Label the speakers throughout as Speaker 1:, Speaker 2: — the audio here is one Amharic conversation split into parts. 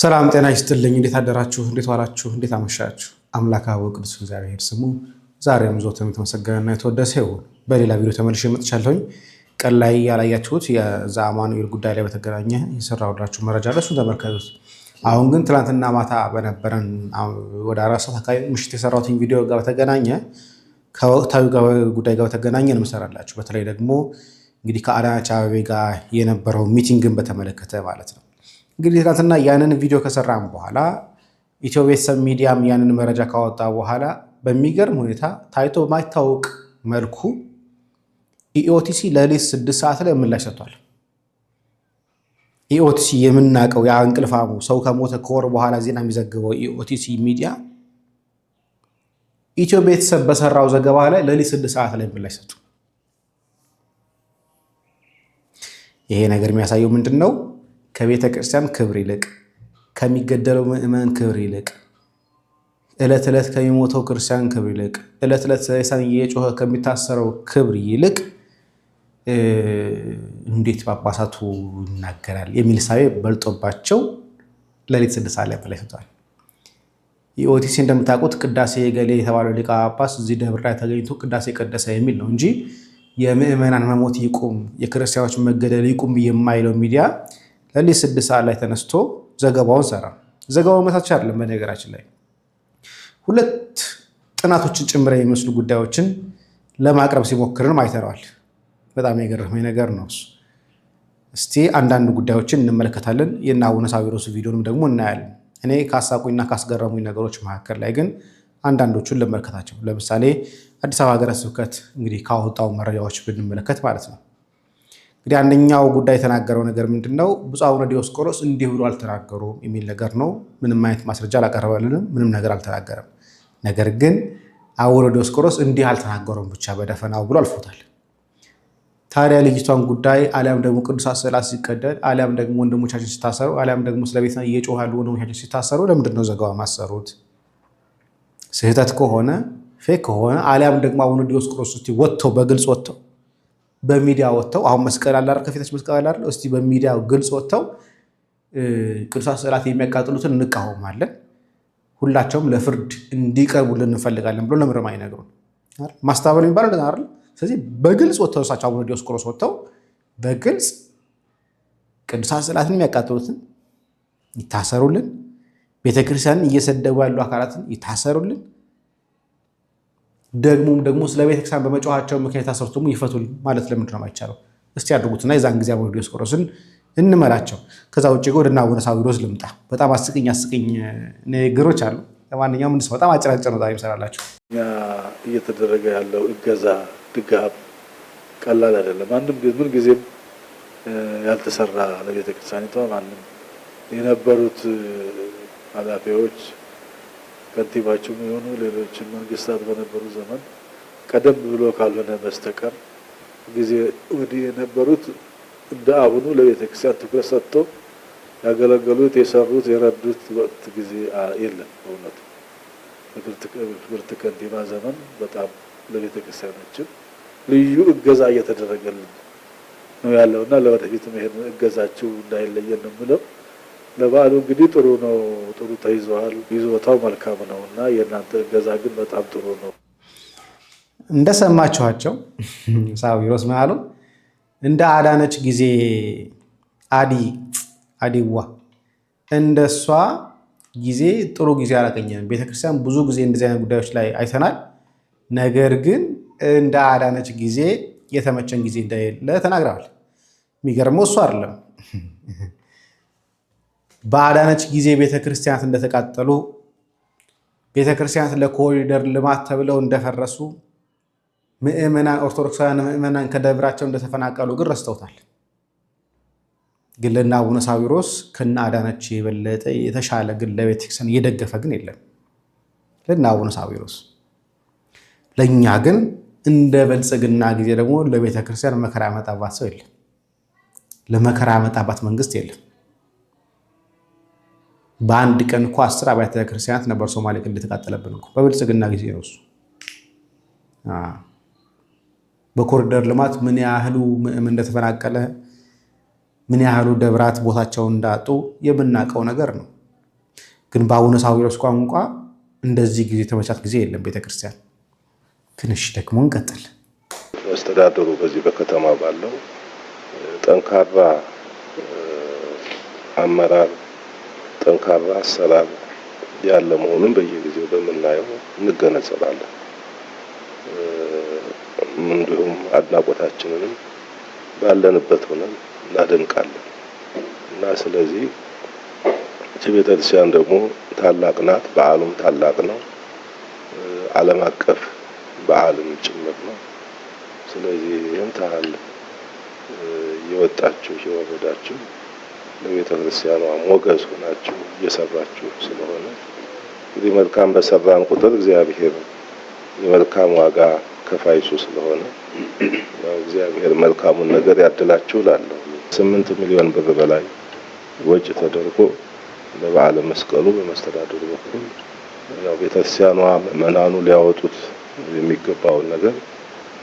Speaker 1: ሰላም ጤና ይስጥልኝ። እንዴት አደራችሁ? እንዴት ዋላችሁ? እንዴት አመሻችሁ? አምላክ አበው ቅዱስ እግዚአብሔር ስሙ ዛሬም ዘወትርም የተመሰገነና የተወደሰ ይሁን። በሌላ ቪዲዮ ተመልሼ መጥቻለሁኝ። ቀን ላይ ያላያችሁት የአማኑኤል ጉዳይ ላይ በተገናኘ የሰራሁላችሁ መረጃ ለሱ ተመልከቱት። አሁን ግን ትናንትና ማታ በነበረን ወደ አራት ሰዓት አካባቢ ምሽት የሰራሁትን ቪዲዮ ጋር በተገናኘ ከወቅታዊ ጉዳይ ጋር በተገናኘ እንመሰራላችሁ። በተለይ ደግሞ እንግዲህ ከአዳነች አበቤ ጋር የነበረው ሚቲንግን በተመለከተ ማለት ነው እንግዲህ ትናንትና ያንን ቪዲዮ ከሰራም በኋላ ኢትዮ ቤተሰብ ሚዲያም ያንን መረጃ ካወጣ በኋላ በሚገርም ሁኔታ ታይቶ በማይታወቅ መልኩ ኢኦቲሲ ለሌት ስድስት ሰዓት ላይ ምላሽ ሰጥቷል። ኢኦቲሲ የምናውቀው የእንቅልፋሙ ሰው ከሞተ ከወር በኋላ ዜና የሚዘግበው ኢኦቲሲ ሚዲያ ኢትዮ ቤተሰብ በሰራው ዘገባ ላይ ለሌት ስድስት ሰዓት ላይ ምላሽ ሰጡ። ይሄ ነገር የሚያሳየው ምንድን ነው? ከቤተ ክርስቲያን ክብር ይልቅ ከሚገደለው ምእመን ክብር ይልቅ ዕለት ዕለት ከሚሞተው ክርስቲያን ክብር ይልቅ ዕለት ዕለት ሳን እየጮኸ ከሚታሰረው ክብር ይልቅ እንዴት ጳጳሳቱ ይናገራል የሚል ሳቤ በልጦባቸው ሌሊት ስድስት ላይ በላይ ሰጥቷል። የኦቲሲ እንደምታውቁት ቅዳሴ ገሌ የተባለው ሊቀ ጳጳስ እዚህ ደብር ላይ ተገኝቶ ቅዳሴ ቀደሰ የሚል ነው እንጂ የምእመናን መሞት ይቁም፣ የክርስቲያኖች መገደል ይቁም የማይለው ሚዲያ ሌሊት ስድስት ሰዓት ላይ ተነስቶ ዘገባውን ሰራ። ዘገባው መታች አይደለም። በነገራችን ላይ ሁለት ጥናቶችን ጭምር የሚመስሉ ጉዳዮችን ለማቅረብ ሲሞክርንም አይተነዋል። በጣም የገረመኝ ነገር ነው እስቲ አንዳንድ ጉዳዮችን እንመለከታለን። የእነ አቡነ ሳዊሮስ ቪዲዮንም ደግሞ እናያለን። እኔ ካሳቁኝና ካስገረሙኝ ነገሮች መካከል ላይ ግን አንዳንዶቹን ለመለከታቸው ለምሳሌ አዲስ አበባ ሀገረ ስብከት እንግዲህ ካወጣው መረጃዎች ብንመለከት ማለት ነው እንግዲህ አንደኛው ጉዳይ የተናገረው ነገር ምንድን ነው? ብፁዕ አቡነ ዲዮስቆሮስ እንዲህ ብሎ አልተናገሩም የሚል ነገር ነው። ምንም አይነት ማስረጃ አላቀረበልንም። ምንም ነገር አልተናገረም። ነገር ግን አቡነ ዲዮስቆሮስ እንዲህ አልተናገሩም ብቻ በደፈናው ብሎ አልፎታል። ታዲያ ልጅቷን ጉዳይ አሊያም ደግሞ ቅዱሳት ስዕላት ሲቀደል አሊያም ደግሞ ወንድሞቻችን ሲታሰሩ አሊያም ደግሞ ስለቤት ቤትና ወንድሞቻችን ሲታሰሩ ለምንድን ነው ዘገባ ማሰሩት? ስህተት ከሆነ ፌክ ከሆነ አሊያም ደግሞ አቡነ ዲዮስቆሮስ ወጥተው በግልጽ ወጥተው በሚዲያ ወጥተው አሁን መስቀል አላር ከፊታች መስቀል አላር እስቲ በሚዲያ ግልጽ ወጥተው ቅዱሳት ስዕላት የሚያቃጥሉትን እንቃወማለን፣ ሁላቸውም ለፍርድ እንዲቀርቡልን እንፈልጋለን ብሎ ለምርማ አይነግሩም። ማስታበል የሚባለው እንደ አይደል? ስለዚህ በግልጽ ወጥተው እሳቸው አቡነ ዲዮስቆሮስ ወጥተው በግልጽ ቅዱሳት ስዕላትን የሚያቃጥሉትን ይታሰሩልን፣ ቤተክርስቲያንን እየሰደቡ ያሉ አካላትን ይታሰሩልን ደግሞም ደግሞ ስለ ቤተክርስቲያን በመጫዋቸው ምክንያት ታሰርቶ ይፈቱ ማለት ለምንድን ነው የማይቻለው? እስቲ ያድርጉትና የዛን ጊዜ አቡነ ዲዮስቆሮስን እንመራቸው። ከዛ ውጭ ወደ አቡነ ሳዊሮስ ልምጣ። በጣም አስቅኝ አስቅኝ ንግግሮች አሉ። ለማንኛውም እንስ በጣም አጭራጭር ነው ዛሬ ይሰራላቸው።
Speaker 2: እየተደረገ ያለው እገዛ ድጋፍ ቀላል አይደለም። አንድም ምን ጊዜም ያልተሰራ ለቤተክርስቲያኒቷ ማንም የነበሩት ኃላፊዎች ከንቲባችሁም የሆኑ ሌሎችን መንግስታት በነበሩ ዘመን ቀደም ብሎ ካልሆነ በስተቀር ጊዜ ወዲህ የነበሩት እንደ አሁኑ ለቤተ ክርስቲያን ትኩረት ሰጥቶ ያገለገሉት፣ የሰሩት፣ የረዱት ወቅት ጊዜ የለም። በእውነቱ ክብርት ከንቲባ ዘመን በጣም ለቤተ ልዩ እገዛ እየተደረገልን ነው ያለውና ለወደፊት መሄድ እገዛችሁ እንዳይለየን ነው የምለው። ለበዓሉ እንግዲህ ጥሩ ነው፣ ጥሩ ተይዘዋል። ይዞታው መልካም ነው እና የእናንተ እገዛ ግን በጣም ጥሩ ነው።
Speaker 1: እንደሰማችኋቸው ሳዊሮስ መሉ እንደ አዳነች ጊዜ አዲ አዲዋ እንደ እሷ ጊዜ ጥሩ ጊዜ አላገኘንም። ቤተክርስቲያን ብዙ ጊዜ እንደዚህ አይነት ጉዳዮች ላይ አይተናል። ነገር ግን እንደ አዳነች ጊዜ የተመቸን ጊዜ እንደሌለ ተናግረዋል። የሚገርመው እሱ አይደለም በአዳነች ጊዜ ቤተክርስቲያናት እንደተቃጠሉ፣ ቤተክርስቲያናት ለኮሪደር ልማት ተብለው እንደፈረሱ፣ ምእመናን ኦርቶዶክሳውያን ምእመናን ከደብራቸው እንደተፈናቀሉ ግን ረስተውታል። ግን ለእነ አቡነ ሳዊሮስ ከነ አዳነች የበለጠ የተሻለ ግን ለቤተክርስቲያን እየደገፈ ግን የለም። ለእነ አቡነ ሳዊሮስ ለእኛ ግን እንደ በልጽግና ጊዜ ደግሞ ለቤተክርስቲያን መከራ ያመጣባት ሰው የለም። ለመከራ ያመጣባት መንግስት የለም። በአንድ ቀን እኮ አስር አብያተ ክርስቲያናት ነበር ሶማሌ ክልል የተቃጠለብን እኮ በብልጽግና ጊዜ ነው። እሱ በኮሪደር ልማት ምን ያህሉ ምዕም እንደተፈናቀለ ምን ያህሉ ደብራት ቦታቸውን እንዳጡ የምናውቀው ነገር ነው። ግን በአቡነ ሳዊሮስ ቋንቋ እንደዚህ ጊዜ ተመቻት ጊዜ የለም ቤተክርስቲያን። ትንሽ ደግሞ እንቀጥል።
Speaker 2: መስተዳደሩ በዚህ በከተማ ባለው ጠንካራ አመራር ጠንካራ አሰራር ያለ መሆኑን በየጊዜው በምናየው እንገነዘባለን። እንዲሁም አድናቆታችንንም ባለንበት ሆነን እናደንቃለን እና ስለዚህ እቺ ቤተክርስቲያን ደግሞ ታላቅ ናት። በዓሉም ታላቅ ነው። ዓለም አቀፍ በዓልም ጭምር ነው። ስለዚህ ይህን ታህል የወጣችሁ የወረዳችሁ ለቤተ ክርስቲያኗ ሞገስ ሆናችሁ እየሰራችሁ ስለሆነ እንግዲህ መልካም በሰራን ቁጥር እግዚአብሔር የመልካም ዋጋ ከፋይሱ ስለሆነ እግዚአብሔር መልካሙን ነገር ያድላችሁ እላለሁ። ስምንት ሚሊዮን ብር በላይ ወጪ ተደርጎ ለበዓለ መስቀሉ በመስተዳድሩ በኩል ያው ቤተክርስቲያኗ ምዕመናኑ ሊያወጡት የሚገባውን ነገር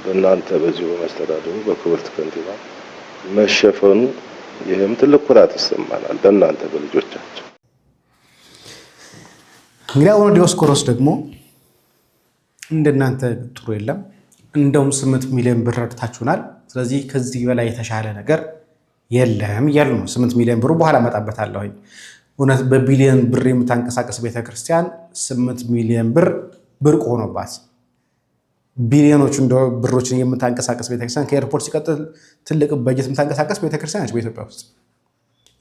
Speaker 2: በእናንተ በዚሁ በመስተዳድሩ በክብርት ከንቲባ መሸፈኑ ይህም ትልቅ ኩራት ይሰማናል በእናንተ በልጆቻቸው።
Speaker 1: እንግዲህ አቡነ ዲዮስቆሮስ ደግሞ እንደናንተ ጥሩ የለም፣ እንደውም ስምንት ሚሊዮን ብር ረድታችሁናል። ስለዚህ ከዚህ በላይ የተሻለ ነገር የለም እያሉ ነው። ስምንት ሚሊዮን ብሩ በኋላ እመጣበታለሁኝ። እውነት በቢሊዮን ብር የምታንቀሳቀስ ቤተክርስቲያን ስምንት ሚሊዮን ብር ብርቅ ሆኖባት ቢሊዮኖች ብሮችን የምታንቀሳቀስ ቤተክርስቲያን ከኤርፖርት ሲቀጥል ትልቅ በጀት የምታንቀሳቀስ ቤተክርስቲያን ነች በኢትዮጵያ ውስጥ።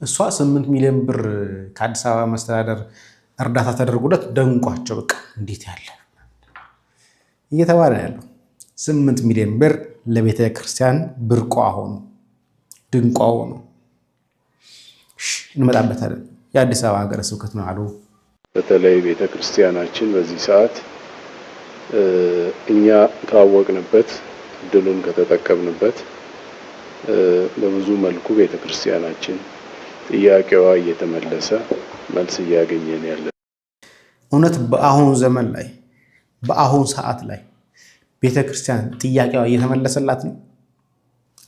Speaker 1: እሷ ስምንት ሚሊዮን ብር ከአዲስ አበባ መስተዳደር እርዳታ ተደርጎለት ደንቋቸው በቃ እንዴት ያለ እየተባለ ያለው ስምንት ሚሊዮን ብር ለቤተ ክርስቲያን ብርቋ ሆኑ ድንቋ ሆኑ። እንመጣበታለን። የአዲስ አበባ ሀገረ ስብከት ነው አሉ።
Speaker 2: በተለይ ቤተ ክርስቲያናችን በዚህ ሰዓት እኛ ካወቅንበት እድሉን ከተጠቀምንበት በብዙ መልኩ ቤተ ክርስቲያናችን ጥያቄዋ እየተመለሰ መልስ እያገኘን ያለ
Speaker 1: እውነት በአሁኑ ዘመን ላይ በአሁኑ ሰዓት ላይ ቤተ ክርስቲያን ጥያቄዋ እየተመለሰላት ነው።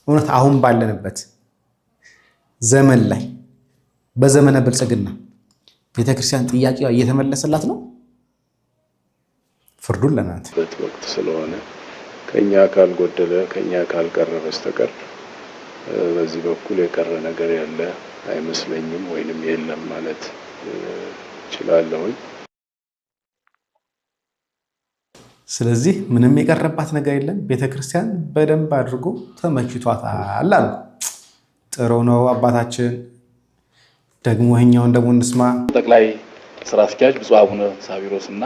Speaker 1: እውነት አሁን ባለንበት ዘመን ላይ በዘመነ ብልጽግና ቤተ ክርስቲያን ጥያቄዋ እየተመለሰላት ነው። ፍርዱን ለናት ወቅት ስለሆነ
Speaker 2: ከኛ ጎደለ ከኛ ቀረ በስተቀር በዚህ በኩል የቀረ ነገር ያለ አይመስለኝም ወይንም የለም ማለት እችላለሁኝ።
Speaker 1: ስለዚህ ምንም የቀረባት ነገር የለም። ቤተክርስቲያን በደንብ አድርጎ ተመችቷታል አሉ። ጥሩ ነው አባታችን። ደግሞ ይኸኛውን ደግሞ እንስማ። ጠቅላይ ስራ አስኪያጅ ብፁዕ አቡነ ሳቢሮስ እና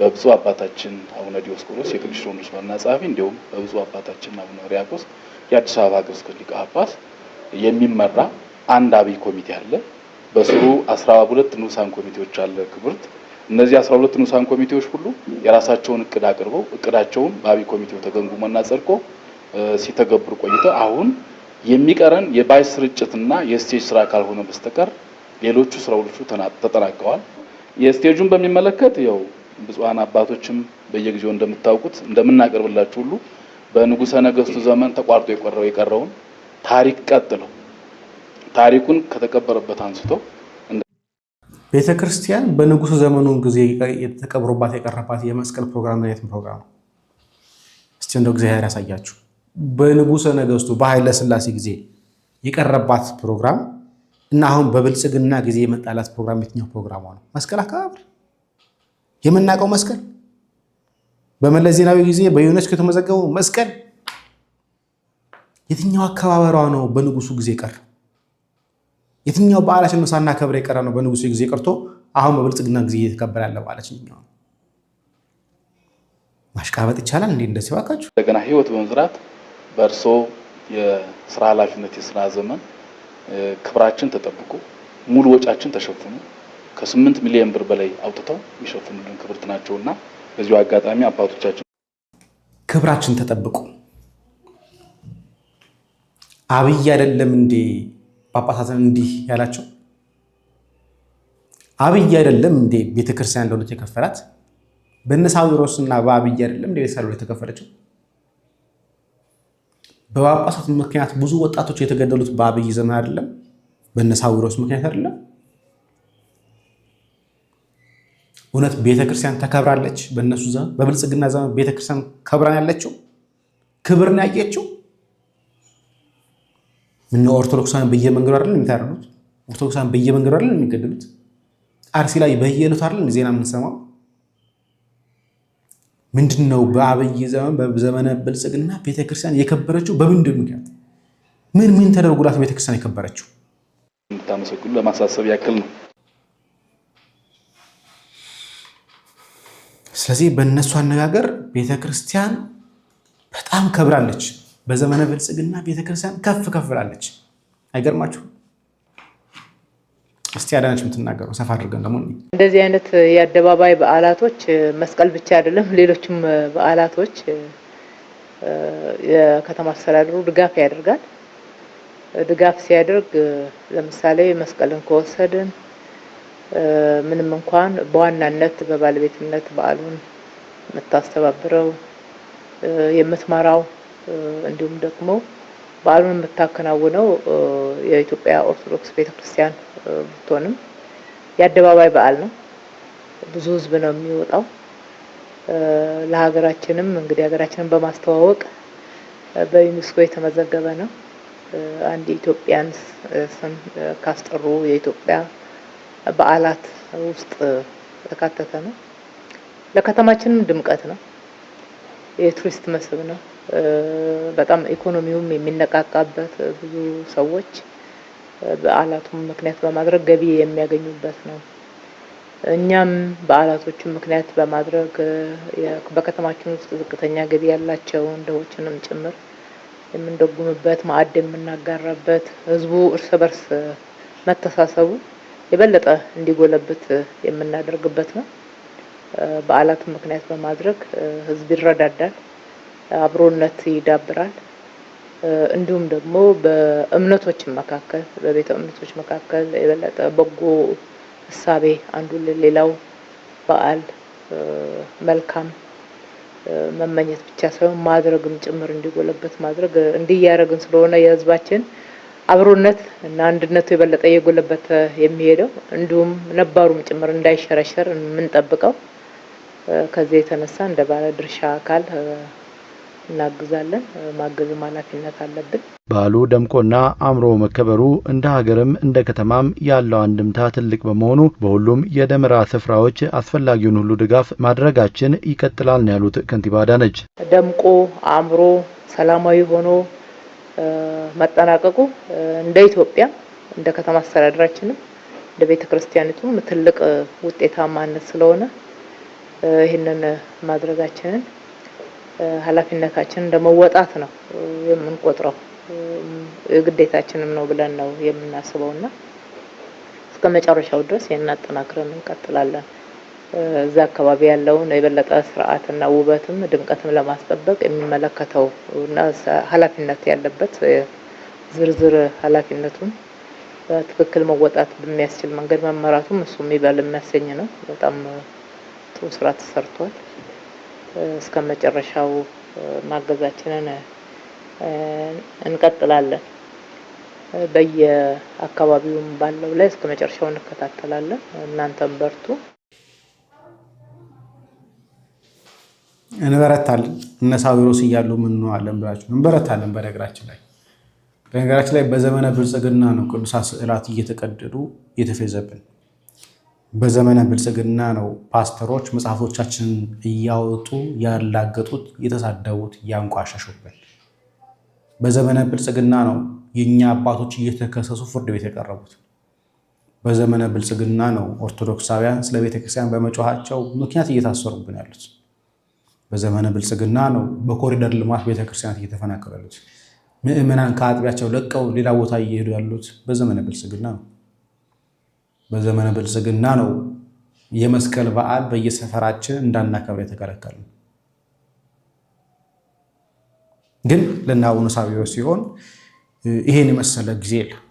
Speaker 1: በብፁዕ አባታችን አቡነ ዲዮስቆሮስ የቅዱስ ሲኖዶስ ዋና ጸሐፊ እንዲሁም በብፁዕ አባታችን አቡነ ሪያቆስ የአዲስ አበባ ሀገረ ስብከት ሊቀ ጳጳስ የሚመራ አንድ አብይ ኮሚቴ አለ። በስሩ 12 ሁለት ንዑሳን ኮሚቴዎች አለ። ክብርት እነዚህ 12 ሁለት ንዑሳን ኮሚቴዎች ሁሉ የራሳቸውን እቅድ አቅርበው እቅዳቸውን በአብይ ኮሚቴው ተገምግሞና ጸድቆ ሲተገብሩ ቆይተው አሁን የሚቀረን የባጅ ስርጭትና የስቴጅ ስራ ካልሆነ በስተቀር ሌሎቹ ስራዎቹ ተጠናቀዋል። የስቴጁን በሚመለከት ያው ብፁዓን አባቶችም በየጊዜው እንደምታውቁት እንደምናቀርብላችሁ ሁሉ በንጉሰ ነገስቱ ዘመን ተቋርጦ የቀረው የቀረውን ታሪክ ቀጥለው ታሪኩን ከተቀበረበት አንስቶ ቤተ ክርስቲያን በንጉሱ ዘመኑ ጊዜ የተቀብሮባት የቀረባት የመስቀል ፕሮግራም ነው። የትም ፕሮግራም ነው? እስቲ እንደው እግዚአብሔር ያሳያችሁ። በንጉሰ ነገስቱ በኃይለ ስላሴ ጊዜ የቀረባት ፕሮግራም እና አሁን በብልጽግና ጊዜ የመጣላት ፕሮግራም የትኛው ፕሮግራም ነው? መስቀል አካባቢ የምናውቀው መስቀል በመለስ ዜናዊ ጊዜ በዩኔስኮ የተመዘገበው መስቀል የትኛው አከባበሯ ነው በንጉሱ ጊዜ ቀር? የትኛው በዓላችን ነው ሳናከብር የቀረ ነው በንጉሱ ጊዜ ቀርቶ አሁን በብልጽግና ጊዜ እየተከበረ ያለ በዓላችን ነው? ማሽቃበጥ ይቻላል እንዴ? እንደዚህ ባካችሁ።
Speaker 2: እንደገና ህይወት በመዝራት በእርሶ የስራ ኃላፊነት የስራ ዘመን ክብራችን ተጠብቆ ሙሉ ወጫችን ተሸፍኖ ከስምንት ሚሊዮን ብር በላይ አውጥተው የሚሸፍኑልን ክብርት ናቸውና በዚሁ አጋጣሚ አባቶቻችን
Speaker 1: ክብራችን ተጠብቁ። አብይ አይደለም እንዴ ጳጳሳትን እንዲህ ያላቸው? አብይ አይደለም እንዴ ቤተክርስቲያን ለሁለት የከፈላት? በነሳዊ እና በአብይ አይደለም እንዴ ቤተሰብ የተከፈለችው? በጳጳሳት ምክንያት ብዙ ወጣቶች የተገደሉት በአብይ ዘመን አይደለም? ሮስ ምክንያት አይደለም? እውነት ቤተክርስቲያን ተከብራለች? በእነሱ ዘመን በብልጽግና ዘመን ቤተክርስቲያን ከብራን ያለችው ክብርን ያየችው እነ ኦርቶዶክሳን በየመንገዱ አይደለም የሚታረዱት? ኦርቶዶክሳን በየመንገዱ አይደለም የሚገደሉት? አርሲ ላይ በየነቱ አይደለም ዜና የምንሰማው? ምንድን ነው? በአብይ ዘመን በዘመነ ብልጽግና ቤተክርስቲያን የከበረችው በምንድን ምክንያት? ምን ምን ተደርጎላት ቤተክርስቲያን የከበረችው?
Speaker 2: እንድታመሰግኑ ለማሳሰብ ያክል ነው።
Speaker 1: ስለዚህ በእነሱ አነጋገር ቤተክርስቲያን በጣም ከብራለች። በዘመነ ብልጽግና ቤተክርስቲያን ከፍ ከፍ ብላለች። አይገርማችሁ? እስቲ አዳነች የምትናገረው ሰፋ አድርገን ደግሞ
Speaker 3: እንደዚህ አይነት የአደባባይ በዓላቶች መስቀል ብቻ አይደለም፣ ሌሎችም በዓላቶች የከተማ አስተዳደሩ ድጋፍ ያደርጋል። ድጋፍ ሲያደርግ ለምሳሌ መስቀልን ከወሰድን ምንም እንኳን በዋናነት በባለቤትነት በዓሉን የምታስተባብረው የምትመራው እንዲሁም ደግሞ በዓሉን የምታከናውነው የኢትዮጵያ ኦርቶዶክስ ቤተክርስቲያን ብትሆንም የአደባባይ በዓል ነው። ብዙ ሕዝብ ነው የሚወጣው። ለሀገራችንም እንግዲህ ሀገራችንን በማስተዋወቅ በዩኔስኮ የተመዘገበ ነው። አንድ የኢትዮጵያን ስም ካስጠሩ የኢትዮጵያ በዓላት ውስጥ የተካተተ ነው። ለከተማችንም ድምቀት ነው። የቱሪስት መስህብ ነው። በጣም ኢኮኖሚውም የሚነቃቃበት ብዙ ሰዎች በዓላቱን ምክንያት በማድረግ ገቢ የሚያገኙበት ነው። እኛም በዓላቶቹን ምክንያት በማድረግ በከተማችን ውስጥ ዝቅተኛ ገቢ ያላቸውን ድሆችንም ጭምር የምንደጉምበት፣ ማዕድ የምናጋራበት ህዝቡ እርስ በርስ መተሳሰቡ የበለጠ እንዲጎለብት የምናደርግበት ነው። በዓላቱን ምክንያት በማድረግ ህዝብ ይረዳዳል፣ አብሮነት ይዳብራል። እንዲሁም ደግሞ በእምነቶች መካከል በቤተ እምነቶች መካከል የበለጠ በጎ እሳቤ አንዱ ለሌላው በዓል መልካም መመኘት ብቻ ሳይሆን ማድረግም ጭምር እንዲጎለበት ማድረግ እንዲያደረግን ስለሆነ የህዝባችን አብሮነት እና አንድነቱ የበለጠ እየጎለበተ የሚሄደው እንዲሁም ነባሩም ጭምር እንዳይሸረሸር የምንጠብቀው ከዚህ የተነሳ እንደ ባለ ድርሻ አካል እናግዛለን። ማገዝም ኃላፊነት አለብን።
Speaker 1: በዓሉ ደምቆና አምሮ መከበሩ እንደ ሀገርም እንደ ከተማም ያለው አንድምታ ትልቅ በመሆኑ በሁሉም የደመራ ስፍራዎች አስፈላጊውን ሁሉ ድጋፍ ማድረጋችን ይቀጥላል ነው ያሉት ከንቲባ አዳነች።
Speaker 3: ደምቆ አምሮ ሰላማዊ ሆኖ መጠናቀቁ እንደ ኢትዮጵያ እንደ ከተማ አስተዳደራችንም እንደ ቤተ ክርስቲያኒቱም ትልቅ ውጤታማነት ስለሆነ ይህንን ማድረጋችንን ኃላፊነታችንን ለመወጣት ነው የምንቆጥረው ግዴታችንም ነው ብለን ነው እና እስከ መጨረሻው ድረስ ይህን አጠናክረን እንቀጥላለን። እዛ አካባቢ ያለውን የበለጠ ስርዓትና ውበትም ድምቀትም ለማስጠበቅ የሚመለከተው እና ኃላፊነት ያለበት ዝርዝር ኃላፊነቱን በትክክል መወጣት በሚያስችል መንገድ መመራቱም እሱ የሚበል የሚያሰኝ ነው። በጣም ጥሩ ስራ ተሰርቷል። እስከ መጨረሻው ማገዛችንን እንቀጥላለን። በየአካባቢውም ባለው ላይ እስከ መጨረሻው እንከታተላለን። እናንተም በርቱ።
Speaker 1: እንበረታለን። እነ ሳዊሮስ እያሉ ምንዋለን ብላችሁ እንበረታለን። በነገራችን ላይ በነገራችን ላይ በዘመነ ብልጽግና ነው ቅዱሳ ስዕላት እየተቀደዱ እየተፌዘብን። በዘመነ ብልጽግና ነው ፓስተሮች መጽሐፎቻችንን እያወጡ ያላገጡት፣ የተሳደቡት፣ እያንቋሸሹብን። በዘመነ ብልጽግና ነው የእኛ አባቶች እየተከሰሱ ፍርድ ቤት የቀረቡት። በዘመነ ብልጽግና ነው ኦርቶዶክሳውያን ስለ ቤተክርስቲያን በመጮኋቸው ምክንያት እየታሰሩብን ያሉት። በዘመነ ብልጽግና ነው በኮሪደር ልማት ቤተክርስቲያናት እየተፈናቀሉ ያሉት። ምእመናን ከአጥቢያቸው ለቀው ሌላ ቦታ እየሄዱ ያሉት በዘመነ ብልጽግና ነው። በዘመነ ብልጽግና ነው የመስቀል በዓል በየሰፈራችን እንዳናከብር የተከለከለ ግን ለእነ ሳዊሮስ ሲሆን ይሄን የመሰለ ጊዜ የለም።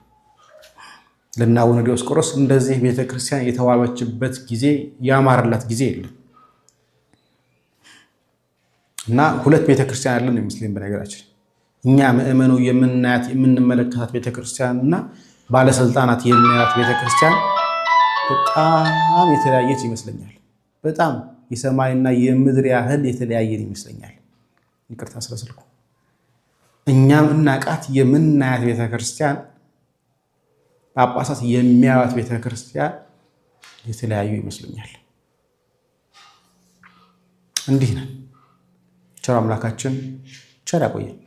Speaker 1: ለእነ ዲዮስቆሮስ እንደዚህ ቤተክርስቲያን የተዋበችበት ጊዜ ያማረላት ጊዜ የለም። እና ሁለት ቤተክርስቲያን ያለን ሙስሊም በነገራችን እኛ ምእመኑ የምናያት የምንመለከታት ቤተክርስቲያን እና ባለስልጣናት የሚያዩት ቤተክርስቲያን በጣም የተለያየች ይመስለኛል። በጣም የሰማይና የምድር ያህል የተለያየን ይመስለኛል። ይቅርታ ስለስልኩ። እኛ እናቃት የምናያት ቤተክርስቲያን፣ ጳጳሳት የሚያዩት ቤተክርስቲያን የተለያዩ ይመስለኛል። እንዲህ ነን። ቸር አምላካችን ቸር ያቆየን።